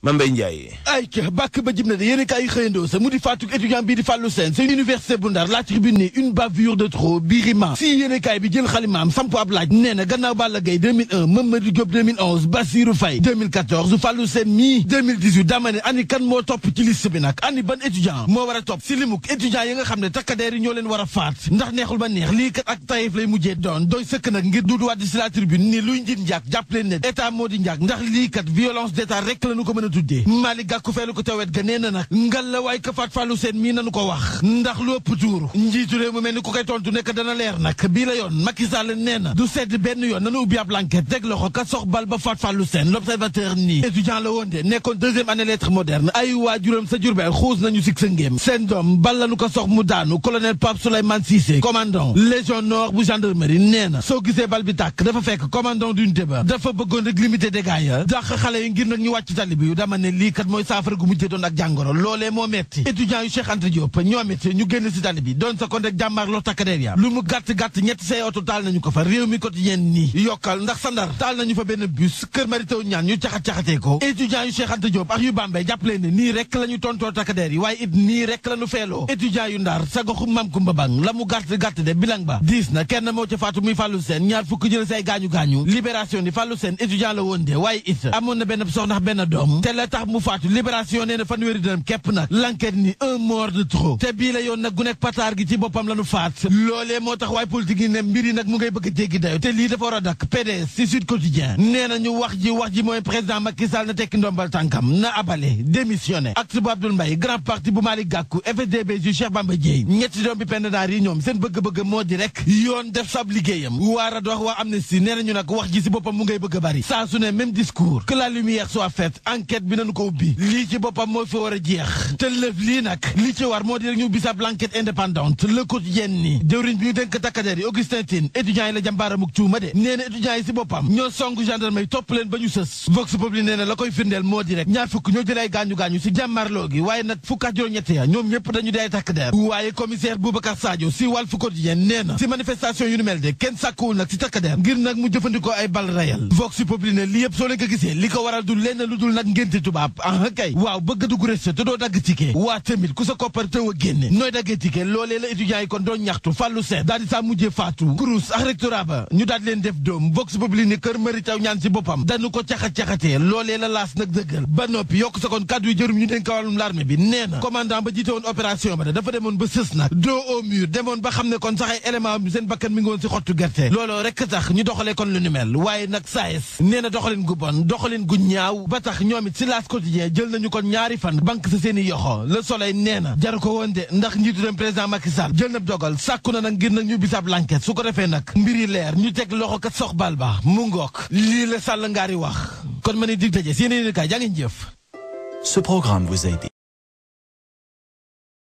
Mambay Ndiaye ay ca bàkk ba jib na de yéen kaay yu xëyandoo sa mu di faatuk étudiant bii di Fallou Sène seen université bu Ndar la ni une bavure de trop Birima si yéen kaay bi jël xalimaam samp ab laaj nee gannaaw Balla Gaye 2001 Mamadou Diop 2011 Bassirou Faye 2014 Fallou mii dama ne ani kan moo topp ci liste bi nag ani ban étudiant moo war a topp si limuk étudiant yi nga xam ne takkadeer ñoo leen war a faat ndax neexul ba neex lii kat ak tayif Malika tuddee Malick Gakou feelu ko tawet ga nak ngal la way ka fat Fallou sen mi nanu ko wax ndax lu ëpp tuuru mu melni ku koy tontu dana leer nak la Macky Sall du sedd ben yon ab loxo ka sox bal ba Fallou l'observateur ni. étudiant la woon nekon deuxième année lettres moderne. ay durum sa Jurbel xuus nañu sig sa ngéem seen doom bal ko sox mu daanu colonel Pape souleyman Cissé commandant légion nord bu gendarmerie nee so soo bal bi dafa commandant d'unité débat dafa bëggoon rek limiter dégâts ya dàq xalé yi ngir ñu dama ne lii kat mooy saafara gu mujjee doon ak jàngoro loolee moo metti étudiant yu Cheikh Anta Diop ñoom it ñu génn si tali bi doon sa kon rek jàmmaarloo takkadeer ya lu mu gàtt-gàtt ñetti say oto taal nañu ko fa réew mi quotidien nii yokkal ndax sa ndar taal nañu fa benn bus kër maritaw ñu caxat-caxatee ko étudiant yu Cheikh Anta ak yu Bambey jàppalee ne nii rek la ñu tontoo takkadeer yi waaye it nii rek la ñu feeloo étudiant yu Ndar sa goxu Mam Kumba la mu gàtt-gàtt de bilang ba diis na kenn moo ca faatu muy Fallou Sène ñaar fukk jël say gaañu-gaañu libération ni Fallou Sène étudiant la woon na benn doom te la tax mu faatu libération nee na fanweeri dërëm képp l'enquête ni un mort de trop te bi la yon nak gu nekk pataar gi ci bopam lañu faat loolee moo politique yi ne mbir yi nag mu ngay bëgg a jéggi dayo te dafa wara dak PDS ci Sud Quotidien nee ñu wax ji wax ji moy président Macky Sall na tekki ndombal tankam na abalé démissionné acte bu Abdoul Mbaye grand parti bu Malick Gakou FSDB ju Cheikh Bamba Dièye ñetti doom bi penn naar yi ñom seen bëgg-bëgg mo di rek yoon def sab liggéeyam waa Radox waa Amnesty nee ñu nak wax ji ci bopam mu ngay bëgg bari saa su ne même discours que la lumière soit faite enquête enquête bi nañu ko ubbi lii ci boppam mooy fi war a jeex te lëf lii nag li ci war moo di rek ñu bisab l'enquête indépendante le quotidien ni jëwriñ bi ñu dénk takkadeer yi Augustin Tine étudiants yi la jàmbaaramuk cuuma de nee na yi si boppam ñoo song gendarme yi topp leen ba ñu sës vox populi nee la koy firndeel moo di ñaar fukk ñoo jëlee gaañu-gaañu si jàmmarloo gi waaye nag fukk juróom-ñett ya ñoom ñëpp dañu di ay takkadeer waaye génti tubaab ah kay waaw bëgg dugg resto te doo dagg waa tamit ku sa koppar tëw a génne nooy daggee ticket loolee la étudiants yi kon doon ñaxtu fàllu seet daal di saa mujjee faatu kurus ak ah, rectorat ba ñu daal leen def doom vox populi ni kër mari taw ñaan si boppam dañu ko caxat-caxatee loolee la laas nag dëggal ba noppi yokk sa kon kàddu yu jërum ñu dénk wàllum l'armée bi nee na ba jiite woon opération ba dafa demoon ba sës nag dos au mur demoon ba xam ne kon sax ay élément am seen bakkan mi ngi woon si xottu gerte looloo rek tax ñu doxalee kon lu ni mel waaye nag saes nee na doxalin ci laas jël nañu kon ñaari fan banque sa seen i yoxo le soleil nee na jaru ko woon ndax njiitu dem président Macky Sall jël na dogal sàkku na nag ngir nag ñu bisaab l'enquête su ko defee nag mbir yi leer ñu teg loxo kat sox bal ba mu ngook lii la sàll ngaari wax kon ma ne di daje si yéen a kaay jaa ngeen jëf. Ce programme vous a aidé.